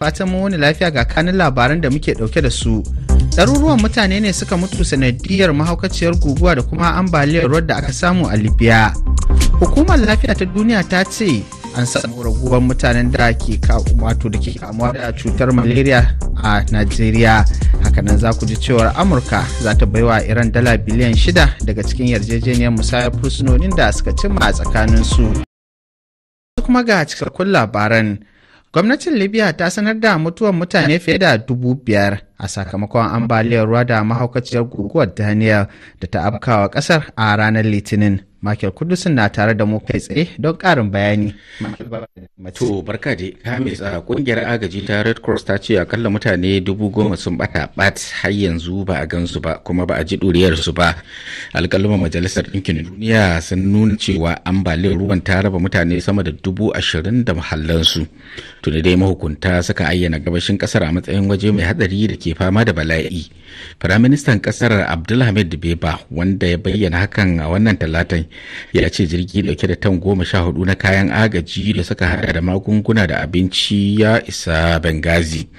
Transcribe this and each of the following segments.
fatan mu wani lafiya ga kanin labaran da muke dauke da su ɗaruruwan mutane ne suka mutu sanadiyar mahaukaciyar guguwa da kuma ambaliyar ruwa da aka samu a libya hukumar lafiya ta duniya ta ce an samu raguwar mutanen da ke wato da ke kamuwa da cutar malaria a najeriya hakanan za ku ji cewar amurka za ta baiwa iran dala biliyan shida daga cikin yarjejeniyar musayar fursunonin da suka cimma a tsakaninsu kuma ga cikakkun labaran Gwamnatin Libya ta sanar da mutuwar mutane fiye da dubu biyar a sakamakon ambaliyar ruwa da mahaukaciyar guguwar daniel da ta afkawa kasar a ranar litinin michael kudusin na tare da mu kai tsaye don karin bayani to barka je kamis a kungiyar agaji ta red cross ta ce akalla mutane dubu goma sun bata bat har yanzu ba a gansu ba kuma ba a ji su ba alkaluma majalisar ɗinkin duniya sun nuna cewa ambaliyar ruwan ta raba mutane sama da dubu ashirin da mahallansu tuni dai mahukunta suka ayyana gabashin kasar a matsayin waje mai hadari da ke ke fama da bala'i firaministan kasar abdulhamid beba wanda ya bayyana hakan a wannan talatan ya ce jirgi dauke da tan goma sha hudu na kayan agaji da suka hada da magunguna da abinci ya isa bengazi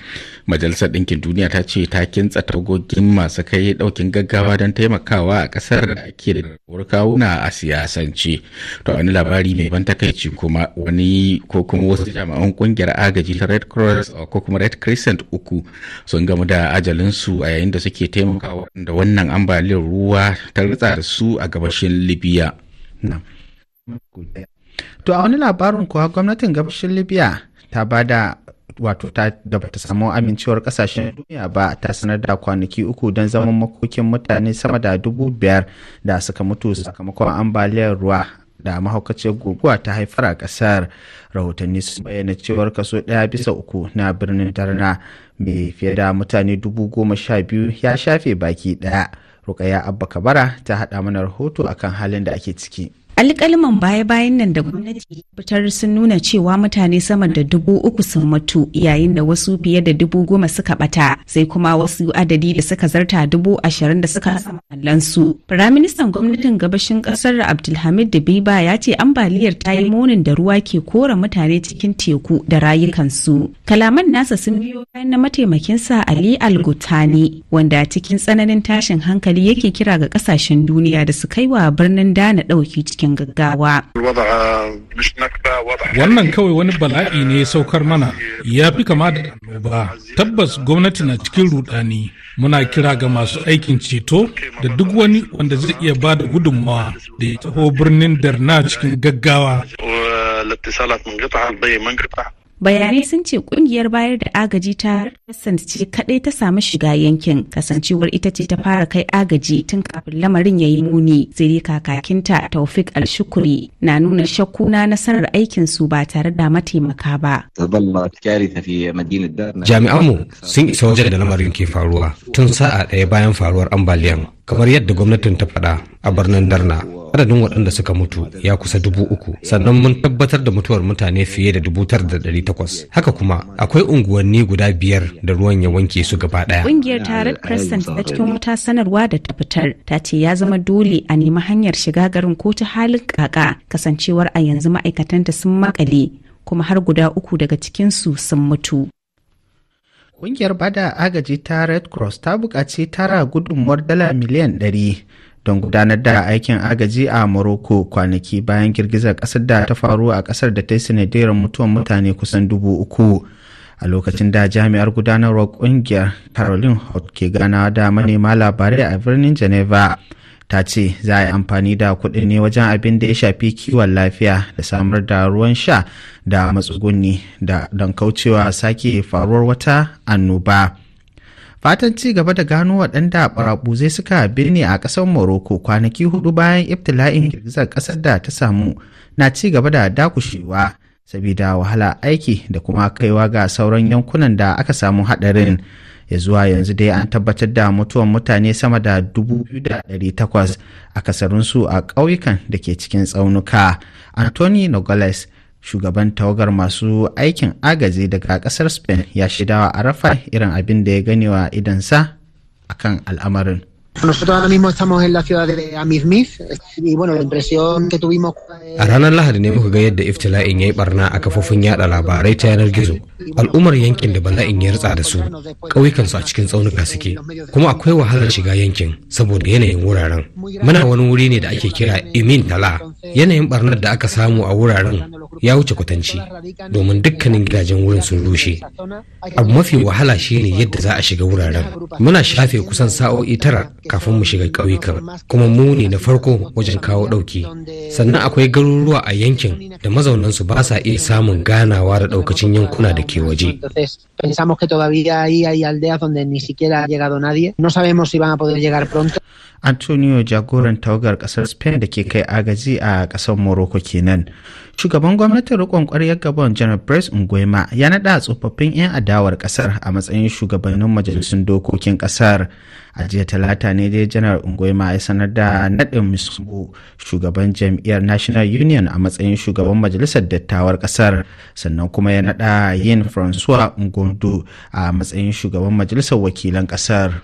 majalisar ɗinkin duniya ta ce ta kintsa tagogin masu kai ɗaukin gaggawa don taimakawa a ƙasar da ake da kawuna a siyasance to wani labari mai ban takaici kuma wani ko kuma wasu jami'an ƙungiyar agaji ta red cross ko kuma red crescent uku sun gamu da ajalinsu a yayin da suke taimakawa da wannan ambaliyar ruwa ta ritsa da su a gabashin libya to a wani labarin kuwa gwamnatin gabashin libya ta ba da. wato ta da bata samu amincewar kasashen duniya ba ta sanar da kwanaki uku don zaman makokin mutane sama da dubu biyar da suka mutu sakamakon ambaliyar ruwa da mahaukacin guguwa ta haifar a kasar rahotanni su bayyana cewar kaso ɗaya bisa uku na birnin darna mai fiye da mutane dubu goma sha biyu ya shafe baki ɗaya rukaya abba kabara ta haɗa mana rahoto akan halin da ake ciki alƙaliman baya-bayan nan da gwamnati fitar sun nuna cewa mutane sama da dubu uku sun mutu yayin da wasu fiye da dubu goma suka bata sai kuma wasu adadi da suka zarta dubu ashirin da suka samu su. Firaministan gwamnatin gabashin ƙasar Abdulhamid biba ya ce ambaliyar ta yi munin da ruwa ke kora mutane cikin teku da rayukansu. Kalaman nasa sun biyo bayan na mataimakinsa Ali al wanda cikin tsananin tashin hankali yake kira ga ƙasashen duniya da su kai wa birnin Dana ɗauki cikin cikin gaggawa. Wannan kawai wani bala'i ne ya saukar mana ya fi kama da annoba. Tabbas gwamnati na cikin rudani muna kira ga masu aikin ceto da duk wani wanda zai iya ba da gudunmawa da ya taho birnin Darna cikin gaggawa. bayanai sun ce kungiyar bayar da agaji ta kasance kadai ta samu shiga yankin kasancewar ita ce ta fara kai agaji tun kafin lamarin ya yi muni sai dai kakakinta taufik alshukuri na nuna shakku na nasarar aikin su ba tare da mataimaka ba jami'anmu sun isa wajen da lamarin ke faruwa tun sa'a ɗaya bayan faruwar ambaliyan kamar yadda gwamnatin ta faɗa a birnin darna adadin waɗanda suka mutu ya kusa dubu uku sannan mun tabbatar da mutuwar mutane fiye da dubu tara da ɗari takwas haka kuma akwai unguwanni guda biyar da ruwan ya wanke su gaba ɗaya ƙungiyar tarin crescent da cikin wata sanarwa da ta fitar ta ce ya zama dole a nemi hanyar shiga garin ko ta halin kaka kasancewar a yanzu ma'aikatanta sun makale kuma har guda uku daga cikin su sun mutu Ƙungiyar bada agaji ta Red Cross ta buƙaci tara gudunmuwar dala miliyan 100 don gudanar da aikin agaji a Morocco kwanaki bayan girgizar ƙasar da ta faru a ƙasar da ta yi sanadiyar mutuwan mutane kusan dubu uku. A lokacin da jami'ar gudanarwar ƙungiyar Caroline hot ke ganawa da manema labarai a birnin Geneva. ta ce za a yi amfani da kuɗi ne wajen abin da ya shafi kiwon lafiya da samar da ruwan sha da matsuguni da don kaucewa sake faruwar wata annoba. fatan ci gaba da gano waɗanda barabuzai suka birni a ƙasar morocco kwanaki hudu bayan ibtila'in girgizar ƙasar da ta samu na ci gaba da dakushewa sabida wahala aiki da kuma kaiwa ga sauran yankunan da aka samu haɗarin ya zuwa yanzu dai an tabbatar da mutuwan mutane sama da dubu 2,800 a kasarinsu a ƙauyukan da ke cikin tsaunuka anthony nogales shugaban tawagar masu aikin agaji daga kasar spain ya shaidawa arafa irin abin da ya ganewa idansa akan al'amarin Nosotros ahora mismo estamos en la ciudad de Amizmiz eh, y bueno, la impresión que tuvimos... A ranar Lahadi ne muka ga yadda iftila'in ya yi barna a kafofin yada labarai ta yanar gizo. Al'ummar yankin da bala'in yi rutsa da su, ƙauyukansu a cikin tsaunuka suke, kuma akwai wahalar shiga yankin saboda yanayin wuraren. Muna wani wuri ne da ake kira Imin Tala, yanayin barnar da aka samu a wuraren ya wuce kwatanci domin dukkanin gidajen wurin sun rushe abu mafi wahala shine yadda za a shiga wuraren muna shafe kusan sa'o'i tara kafin mu shiga ƙauyukan kuma mu ne na farko wajen kawo ɗauki sannan akwai garuruwa a yankin da mazaunansu ba sa iya samun ganawa da ɗaukacin yankuna da ke waje Antonio jagoran tawagar kasar Spain da ke kai agaji a ƙasar Morocco kenan. Shugaban gwamnatin riƙon ƙwaryar Gabon Janar Brice Nguema ya naɗa tsofaffin 'yan adawar ƙasar a matsayin shugabannin majalisun dokokin ƙasar. a jiya talata ne dai janar ungoima ya sanar da naɗin musu shugaban jam'iyyar national union a matsayin shugaban majalisar dattawar kasar sannan kuma ya naɗa yin francois ngondo a matsayin shugaban majalisar wakilan kasar.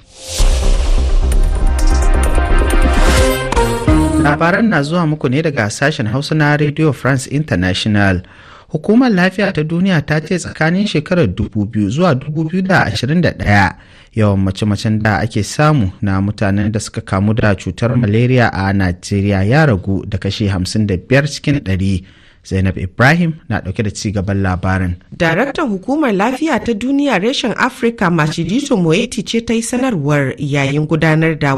labaran na zuwa muku ne daga sashen hausa na radio france international Hukumar Lafiya ta Duniya ta ce tsakanin shekarar 2000 zuwa da 2021 yawan mace-macen da ake samu na mutanen da suka kamu da cutar malaria a Najeriya ya ragu da kashi 55 cikin 100. Zainab Ibrahim na ɗauke da ci gaban labarin. Daraktan Hukumar Lafiya ta Duniya reshen Afirka mashidito Moeti ce ta yi sanarwar yayin gudanar da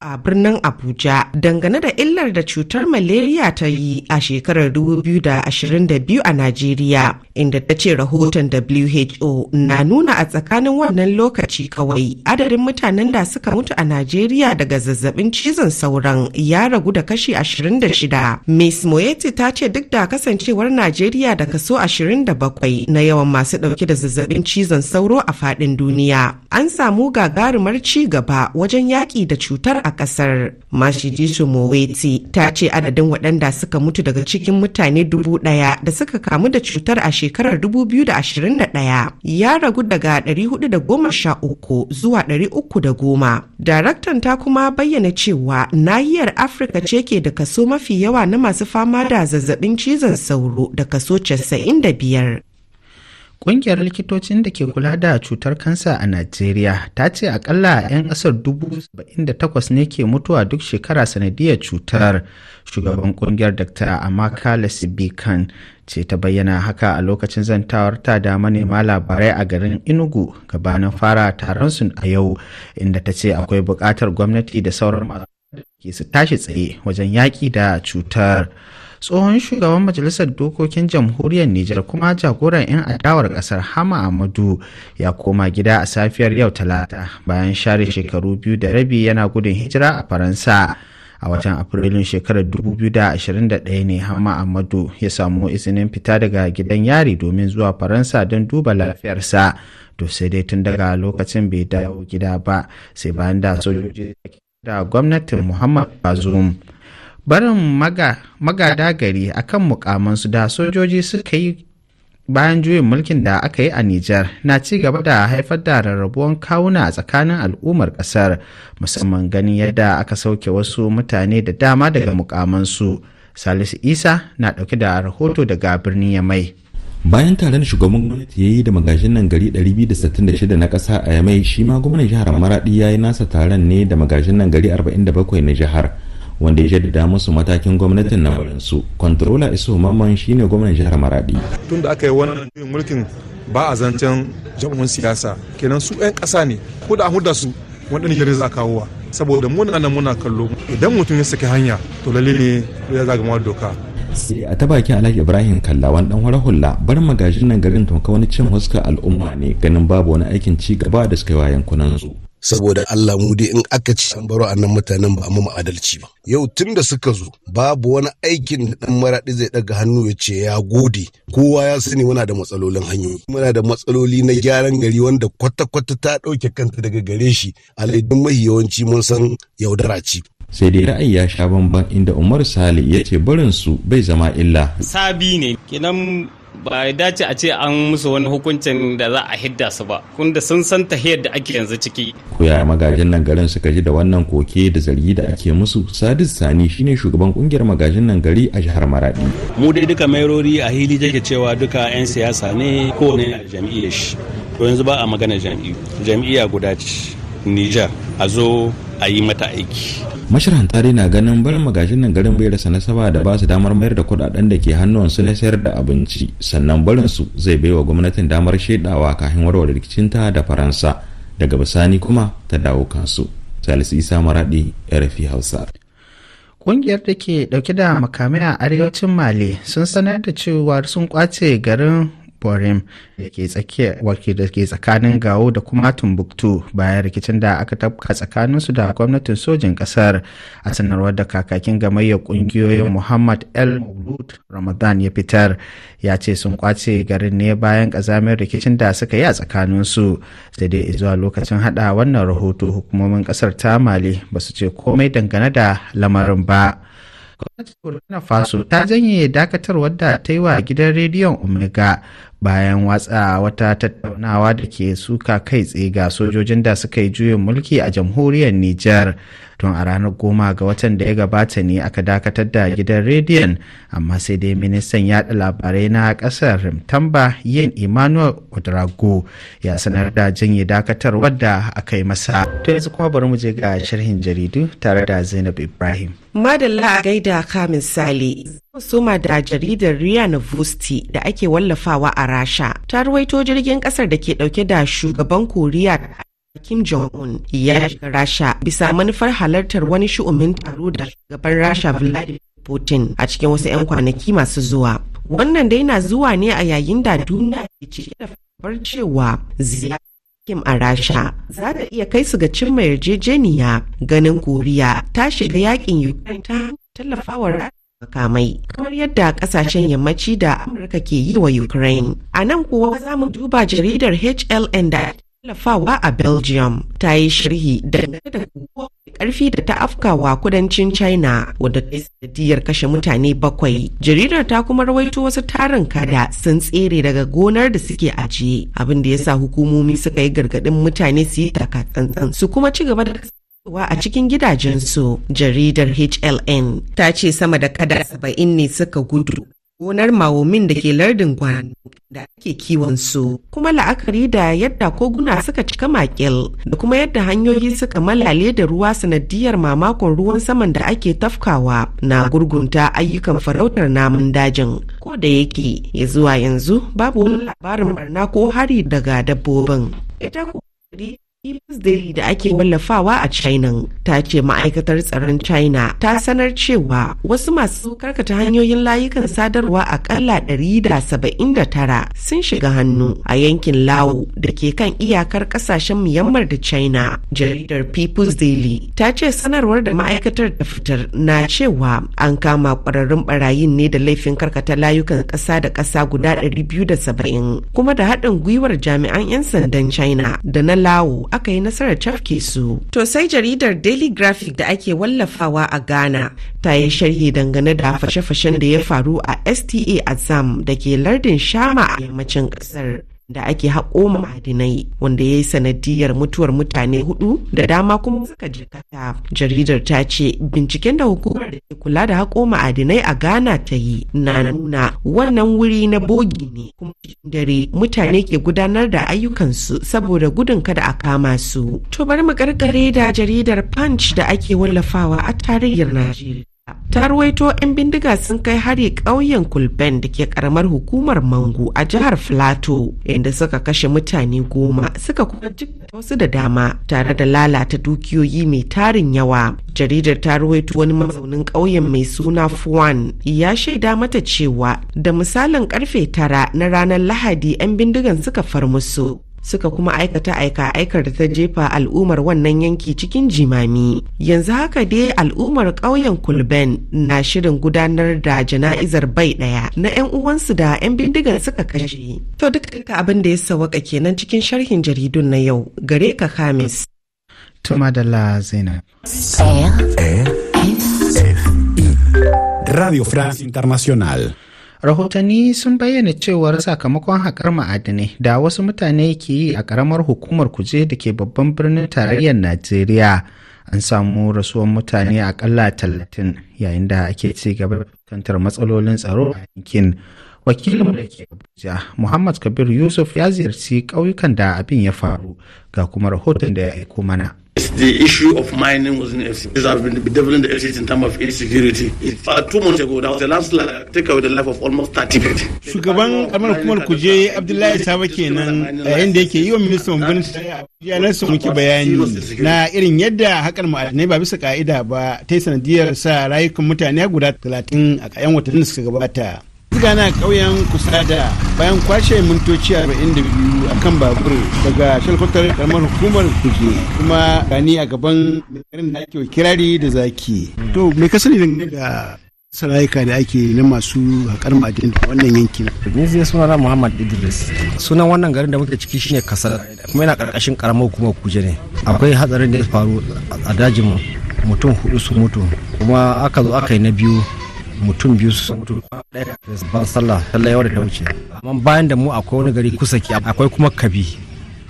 a birnin Abuja dangane da illar da cutar malaria ta yi a shekarar 2022 a Najeriya, inda ta ce rahoton WHO na nuna a tsakanin wannan lokaci kawai adadin mutanen da suka mutu a Najeriya daga zazzabin cizon sauran ya ragu da kashi 26. Ms. Moeti ta ce duk da kasancewar Najeriya da kaso 27 na yawan masu dauke da zazzabin cizon sauro a faɗin duniya, an samu gagarumar ci gaba wajen yaƙi da cutar. cutar a kasar mashiji moweti ta ce adadin waɗanda suka mutu daga cikin mutane dubu ɗaya da suka kamu da cutar a shekarar dubu biyu da ɗaya ya ragu daga ɗari da goma sha uku zuwa ɗari uku da goma. daraktan ta kuma bayyana cewa nahiyar afirka ce ke da kaso mafi yawa na masu fama da zazzabin cizon sauro da kaso casa'in da biyar. Ƙungiyar likitocin da ke kula da cutar kansa a Najeriya ta ce akalla 'yan ƙasar takwas ne ke mutuwa duk shekara sanadiyar cutar. Shugaban ƙungiyar Dr. Amaka Lesbikan ce ta bayyana haka a lokacin zantawar ta da manema labarai a garin Enugu gabanin fara taron su a yau, inda ta ce akwai buƙatar gwamnati da sauran masu ke su tashi tsaye wajen yaƙi da cutar. tsohon shugaban majalisar dokokin jamhuriyar Nijar kuma jagoran 'yan adawar kasar Hama Amadu ya koma gida a safiyar yau talata bayan share shekaru biyu da rabi yana gudun hijira a Faransa. a watan afrilun shekarar 2021 ne hama amadu ya samu izinin fita daga gidan yari domin zuwa faransa don duba lafiyarsa to sai dai tun daga lokacin bai dawo gida ba sai bayan da sojoji da gwamnatin muhammad bazoum barin magada gari a kan mukamansu da sojoji suka yi bayan juyin mulkin da aka yi a Nijar na ci gaba da haifar da rarrabuwan kawuna a tsakanin al'ummar kasar musamman ganin yadda aka sauke wasu mutane da dama daga mukamansu. Salisu Isa na ɗauke da rahoto daga birnin Yamai. bayan taron shugaban gwamnati ya yi da magajin nan gari 266 na ƙasa a yamai shi ma gwamnan jihar maradi ya yi nasa taron ne da magajin nan gari 47 na jihar wanda ya jaddada musu matakin gwamnatin na barinsu kwantarola iso mamman shine gwamnan jihar maradi tun da aka yi wannan juyin mulkin ba a zancen jam'un siyasa kenan su 'yan ƙasa ne ko da huda su wanda nigeria za a kawowa saboda muna nan muna kallo idan mutum ya saki hanya to lalle ne ya zagamawar doka sai a ta bakin alhaji ibrahim kallawan dan wara hulla bar magajin nan garin ka wani cin huska al'umma ne ganin babu wani aikin ci gaba da suka yi wa yankunan su saboda Allah mu dai in aka ci an baro annan mutanen ba mu adalci ba yau tun da suka zo babu wani aikin da dan maraɗi zai daga hannu ya ce ya gode kowa ya sani muna da matsalolin hanyoyi muna da matsaloli na gyaran gari wanda kwata-kwata ta ɗauke kanta daga gare shi alaidun mahi yawanci mun san yaudara ci sai dai ra'ayi ya sha bamban inda umar sale ya ce barin su bai zama illa sabi ne kenan ba ya dace a ce an musu wani hukuncin da za a hidda su ba kunda sun san tahiyar da ake yanzu ciki ko ya magajin nan garin suka ji da wannan koke da zargi da ake musu sadis sani shine shugaban kungiyar magajin nan gari a jihar maradi mu dai duka mairori a hili take cewa duka yan siyasa ne kowane jam'iyyar shi to yanzu ba a magana jam'iyyu jam'iyya guda ce nijar a zo a yi mata aiki mashirin tare na ganin barin magajin nan garin bai rasa nasaba da ba su damar mayar da kudaden da ke su na sayar da abinci sannan barin su zai baiwa gwamnatin damar shaidawa kafin warware rikicinta da faransa daga bisani kuma ta dawo kansu salisu isa maradi rfi hausa Ƙungiyar da ke dauke da makamai a arewacin Mali sun sanar da cewa sun kwace garin Borim da ke tsakiyar da ke tsakanin gawo da kuma Tumbuktu bayan rikicin da aka tabka tsakanin su da gwamnatin sojin kasar a sanarwar da kakakin gamayyar kungiyoyin Muhammad El Maulud Ramadan ya fitar ya ce sun kwace garin ne bayan kazamin rikicin da suka yi a tsakanin su sai dai zuwa lokacin hada wannan rahoto hukumomin kasar ta Mali ba su ce komai dangane da lamarin ba. gwamnatin burkina faso ta janye dakatarwar da ta yi wa gidan rediyon omega bayan watsa wata tattaunawa da ke suka kai tsaye ga sojojin da suka yi juyin mulki a jamhuriyar niger tun a ranar goma ga watan da ya gabata ne aka dakatar da gidan rediyon amma sai dai ministan yaɗa labarai na ƙasar rimtamba yin emmanuel odrago ya sanar da janye dakatar wadda aka yi masa to yanzu kuma bari mu je ga sharhin jaridu tare da zainab ibrahim madalla a gaida Isaka misali soma da jaridar Ria Novosti da ake wallafawa a Rasha ta ruwaito jirgin kasar da ke dauke da shugaban Koriya Kim Jong-un ya shiga Rasha bisa manufar halartar wani shu'umin taro da shugaban Rasha Vladimir Putin a cikin wasu 'yan kwanaki masu zuwa. Wannan dai na zuwa ne a yayin da duniya ke cike da fabar cewa Kim a Rasha za ta iya kai su ga cimma yarjejeniya ganin Koriya ta shiga yakin Ukraine ta tallafawa makamai kamar yadda kasashen yammaci da amurka ke yi wa ukraine a nan kuwa za mu duba jaridar hln da tallafawa a belgium ta yi sharhi dangane da guguwar karfi da ta afkawa kudancin china wadda ta sadiyar kashe mutane bakwai jaridar ta kuma rawaito wasu tarin kada sun tsere daga gonar da suke ajiye abin da ya sa hukumomi suka yi gargadin mutane su yi takatsantsan su kuma ci gaba da wa a cikin gidajensu jaridar HLN ta ce sama da kada saba'in ne suka gudu gonar mawomin da ke lardin gwan da ake kiwon su kuma la'akari da yadda koguna suka cika makil da kuma yadda hanyoyi suka malale da ruwa sanadiyar mamakon ruwan saman da ake tafkawa na gurgunta ayyukan farautar namun dajin ko da yake ya zuwa yanzu babu wani labarin barna ko hari daga dabbobin ita daily da ake wallafawa a China ta ce ma'aikatar tsaron China ta sanar cewa wasu masu karkata hanyoyin layukan sadarwa a akalla 179 sun shiga hannu a yankin lao da ke kan iyakar kasashen Myanmar da China. Jaridar People's Daily ta ce sanarwar da ma'aikatar da fitar na cewa an kama kwararrun barayin ne da laifin karkata layukan ƙasa da ƙasa guda 270 kuma da haɗin gwiwar jami'an 'yan sandan China da na Lao. aka yi nasarar cafke su. To sai jaridar Daily Graphic da ake wallafawa a Ghana ta yi sharhi dangane da fashe-fashen da ya faru a STA Azam da ke lardin Shama a yammacin ƙasar. da ake haƙo ma'adinai wanda ya yi sanadiyar mutuwar mutane hudu da dama kuma suka jikata jaridar ta ce binciken da hukumar da ke kula da haƙo ma'adinai a ghana ta yi na nuna wannan wuri na bogi ne kuma dare mutane ke gudanar da ayyukansu saboda gudun kada a kama su to bari mu karkare da jaridar punch da ake wallafawa a tarayyar najeriya ta ruwaito 'yan bindiga sun kai hari ƙauyen kulben da ke karamar hukumar mangu a jihar filato inda suka kashe mutane goma suka kuma jikta wasu da dama tare da lalata dukiyoyi mai tarin yawa jaridar ta ruwaito wani mazaunin ƙauyen mai suna fuan ya shaida mata cewa da misalin karfe tara na ranar lahadi 'yan bindigan suka far musu suka kuma aikata aika aikar da ta jefa al'ummar wannan yanki cikin jimami yanzu haka dai al'ummar ƙauyen kulben na shirin gudanar da jana'izar bai ɗaya na 'yan uwansu da 'yan bindigar suka kashe to duka abin da ya sawaka kenan cikin sharhin jaridun na yau gare ka kamis da e. e. radio france international rahotanni sun bayyana cewar sakamakon haƙar ma'adinai da wasu mutane ke yi a ƙaramar hukumar kuje da ke babban birnin tarayyar najeriya an samu rasuwar mutane aƙalla talatin yayin da ake ci gaba da fuskantar matsalolin tsaro a yankin wakilin da ke abuja muhammad kabir yusuf ya ziyarci ƙauyukan da abin ya faru ga kuma rahoton da ya aiko mana The issue of mining was in the FCT. This has been developing the FCT in terms of insecurity. In fact, two months ago, that was the last like, take away the life of almost 30 people. Shugaban kamar hukumar kuje Abdullahi Sabo kenan a yanda yake yi wa ministan gwamnati ya nasu muke bayani na irin yadda hakan ma'adanai ba bisa ka'ida ba ta yi sanadiyar sa rayukan mutane guda 30 a kayan watannin da suka gabata. gana ƙauyen kusada bayan kwashe mintoci 42 a kan babur daga shalkwatar karamar hukumar kuje kuma gani a gaban garin da ake kirari da zaki to me ka sani daga sarayika da ake na masu haƙar ma'adin wannan yankin. Ni zai suna na Muhammad Idris. Sunan wannan garin da muke ciki shine Kasar kuma yana ƙarƙashin karamar hukumar Kuje ne. Akwai hatsarin da ya faru a dajin mutum hudu su mutu kuma aka zo aka yi na biyu mutum biyu su mutu ɗaya da sallah sallah yawa da ta wuce amma bayan da mu akwai wani gari kusa ki akwai kuma kabi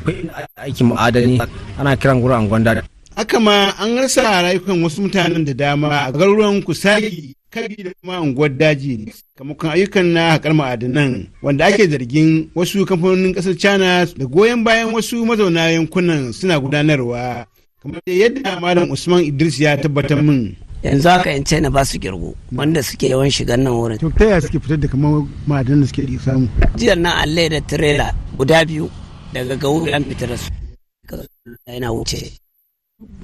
akwai aikin ma'adani ana kiran gurin angwanda haka ma an rasa rayukan wasu mutanen da dama a garuruwan kusagi kabi da kuma unguwar daji kamakon ayyukan na haƙar ma'adanan wanda ake zargin wasu kamfanonin ƙasar china da goyon bayan wasu mazauna yankunan suna gudanarwa kamar da yadda malam usman idris ya tabbatar min yanzu haka in ce na ba su girgo wanda suke yawan shigan nan wurin to ta yaya suke fitar da kamar ma'adanan da suke samu jiya nan allai da tirela guda biyu daga gauri an fitar su yana wuce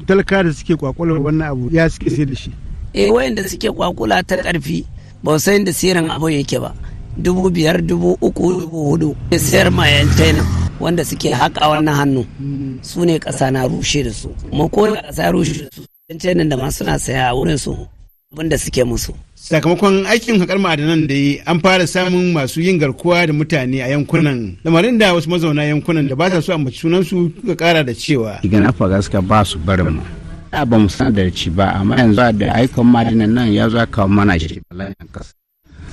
talaka da suke kwakwala wannan abu ya suke sai da shi eh wayanda suke kwakula ta karfi ba san da sirin abu yake ba dubu biyar dubu uku dubu hudu sayar ma yan china wanda suke haƙa wannan hannu mm. su ne ƙasa na rushe da su mako da ƙasa rushe da su cancanin da ma suna saya a wurin su abinda suke musu. Sakamakon aikin haƙar ma'adanan da yi an fara samun masu yin garkuwa da mutane a yankunan lamarin da wasu mazauna yankunan da ba sa so ambaci su suka kara da cewa. Igan afaga suka ba su barin mu. Da ba mu san da ci ba amma yanzu da aikin ma'adanan nan ya za ka mana shi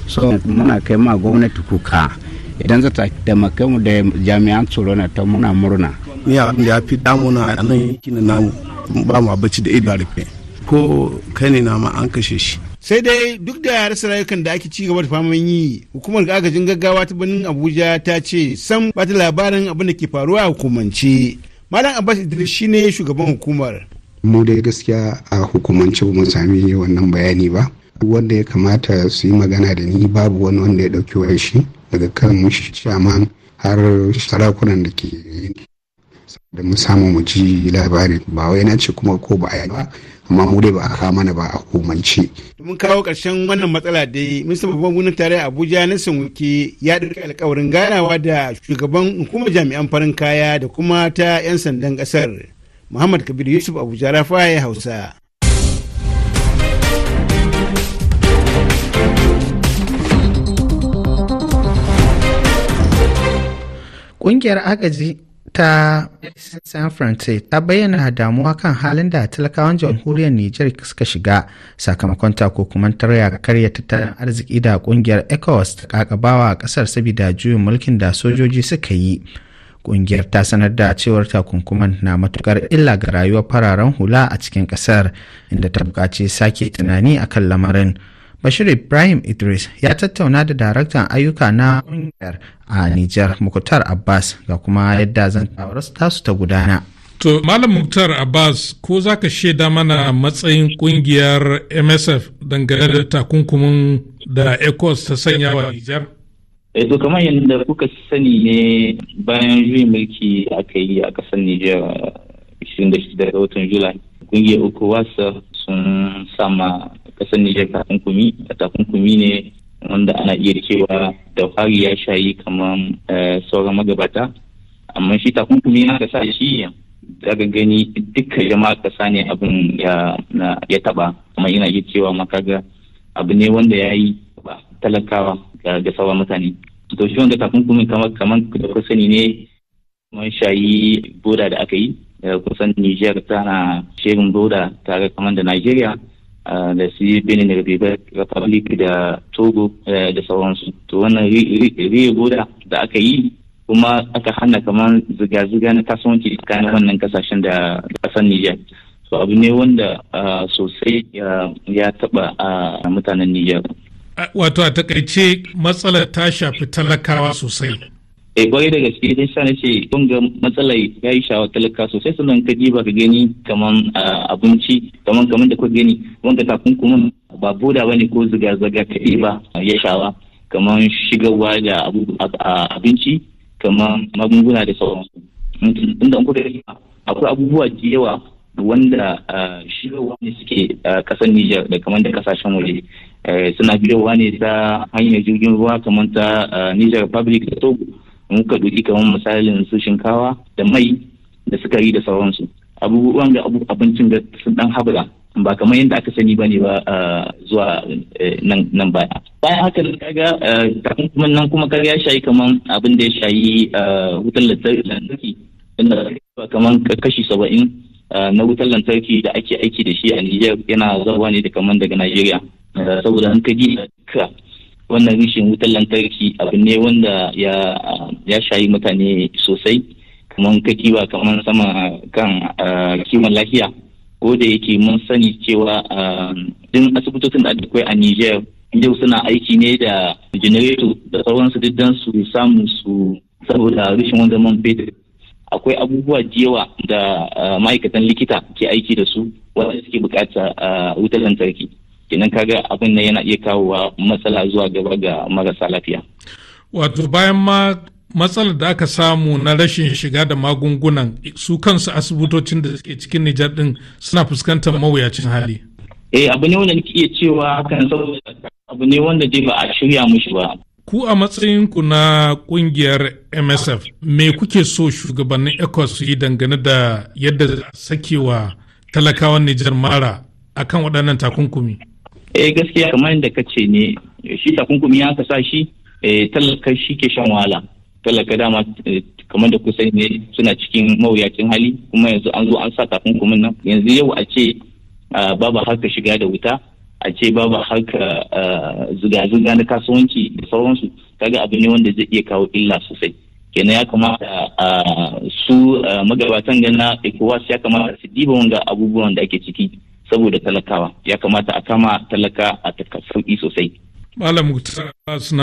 So muna kai ma gwamnati kuka idan za ta taimake mu da jami'an tsoro na ta muna murna. Ni abin da ya fi damuna a nan yankin namu. ba mu abinci da ido rufe ko kane na ma an kashe shi sai dai duk da rasa rayukan da ake cigaba da faman yi hukumar agajin gaggawa ta birnin abuja ta ce sam ba ta labarin abin da ke faruwa a hukumance malam abbas idris ne shugaban hukumar mu dai gaskiya a hukumance ba mu sami wannan bayani ba wanda ya kamata su yi magana da ni babu wani wanda ya dauki wayar shi daga kan shaman har sarakunan da ke da mun samu mu ji labarin ba wai na ce kuma ko ba a ba amma mu dai ba a kawo mana ba a hukumance. mun kawo ƙarshen wannan matsala dai minista babban birnin tare abuja na wuke ya ɗauki alkawarin ganawa da shugaban hukumar jami'an farin kaya da kuma ta 'yan sandan ƙasar muhammad kabiru yusuf abuja rafa hausa. Ƙungiyar agaji ta San France ta bayyana damuwa kan halin da talakawan jamhuriyar Nijar suka shiga sakamakon takunkuman tarayya karya tattalin arziki da kungiyar ECOWAS ta kakabawa kasar saboda juyin mulkin da sojoji suka yi. Kungiyar ta sanar da cewar takunkuman na matukar illa ga rayuwar fararen hula a cikin kasar inda ta buƙaci sake tunani akan lamarin. Bashir Ibrahim Idris ya tattauna da daraktan ayyuka na ƙungiyar a Nijar Mukhtar Abbas ga kuma yadda zantawar tasu ta gudana. To Malam Muktar Abbas ko za ka shaida mana matsayin ƙungiyar MSF dangane da takunkumin da ecos ta sanya wa Nijar? E to kamar yadda kuka sani ne bayan juyin mulki aka yi a ƙasar Nijar 26 ga watan Julai kungiyar uku wasa sun sama kasar Nijar takunkumi takunkumi ne wanda ana iya cewa da fari ya shayi kamar eh, sauran magabata amma shi takunkumi na kasa shi daga gani duka jama'a kasa ne abin ya taba kuma yana iya cewa makaga abu ne wanda ya yi talakawa ga sauran mutane to shi wanda takunkumi kamar kamar da sani ne man shayi boda da aka yi Eh, kusan niger na shirin boda tare kamar da nigeria eh, da su yi benin republic da togo eh, da sauransu to wannan riye boda da aka yi kuma aka hana kamar ziga-ziga na kasuwanci tsakanin wannan kasashen da kasar niger so abu ne wanda sosai ya taba mutanen niger wato a takaice matsalar ta shafi talakawa sosai E kwarai da gaske idan sa ce kun ga matsalai ya yi shawa talaka sosai sannan ka jiba ka gani kaman ah, abinci kaman kaman da ka gani wanda takunkumin ba boda bane ko zuga zaga ka ba ah, ya shawa kaman shigarwa da abinci kaman magunguna da sauransu inda kuka yi akwai abubuwa da yawa wanda ah, shigarwa ne suke kasar Nijar da kaman da kasashen waje eh, suna biyowa ne ta hanyar jirgin ruwa kamar ta Niger Republic da Togo in ka duki kamar misalin su shinkawa da mai da sukari da sauransu abubuwan da abincin da sun dan habra ba kamar yadda aka sani ba ne zuwa e, nan baya bayan haka kaga e, kuma nan kuma kaga shayi kamar abin da ya shayi e, wutar lantarki inda kamar kashi saba'in na wutar lantarki da ake aiki da shi a Nijar yana zawa ne da kamar daga Najeriya saboda an kaji ka wannan rishin wutar lantarki abu ne wanda ya shayi mutane sosai kamar ka kiwa kamar sama kan kiwon lafiya ko da yake mun sani cewa din asibitocin da akwai a Niger yau suna aiki ne da generator da sauransu duk dan su samu su saboda rashin wanda man fetur akwai abubuwa jewa da ma'aikatan likita ke aiki da su wanda suke bukata wutar lantarki kenan kaga abin nan yana iya kawowa matsala zuwa gaba ga marasa lafiya wato bayan ma matsalar da aka samu na rashin shiga da magungunan su kansu asibitocin da ke cikin nijar din suna fuskantar mawuyacin hali eh abu ne wanda nake iya cewa kan saboda abu ne wanda dai ba a shirya mushi ba ku a matsayin ku na kungiyar msf me kuke so shugabannin ecos su yi dangane da yadda sakewa talakawan nijar mara akan waɗannan takunkumi eh gaskiya kamar yadda ka ce ne shi takunkumi ya kasa shi eh, talaka shi ke shan wahala talaka dama eh, kamar da kusa ne suna cikin mawuyacin hali kuma yanzu an zo an sa takunkumin nan yanzu yau a ce babu haka shiga da wuta a ce babu haka zuga-zuga na kasuwanci da sauransu kaga abu ne wanda zai iya kawo illa sosai kenan ya kamata su magabatan gana ecowas ya kamata su diba wanga abubuwan da ake ciki saboda talakawa ya kamata a kama talaka a sauki sosai. Malam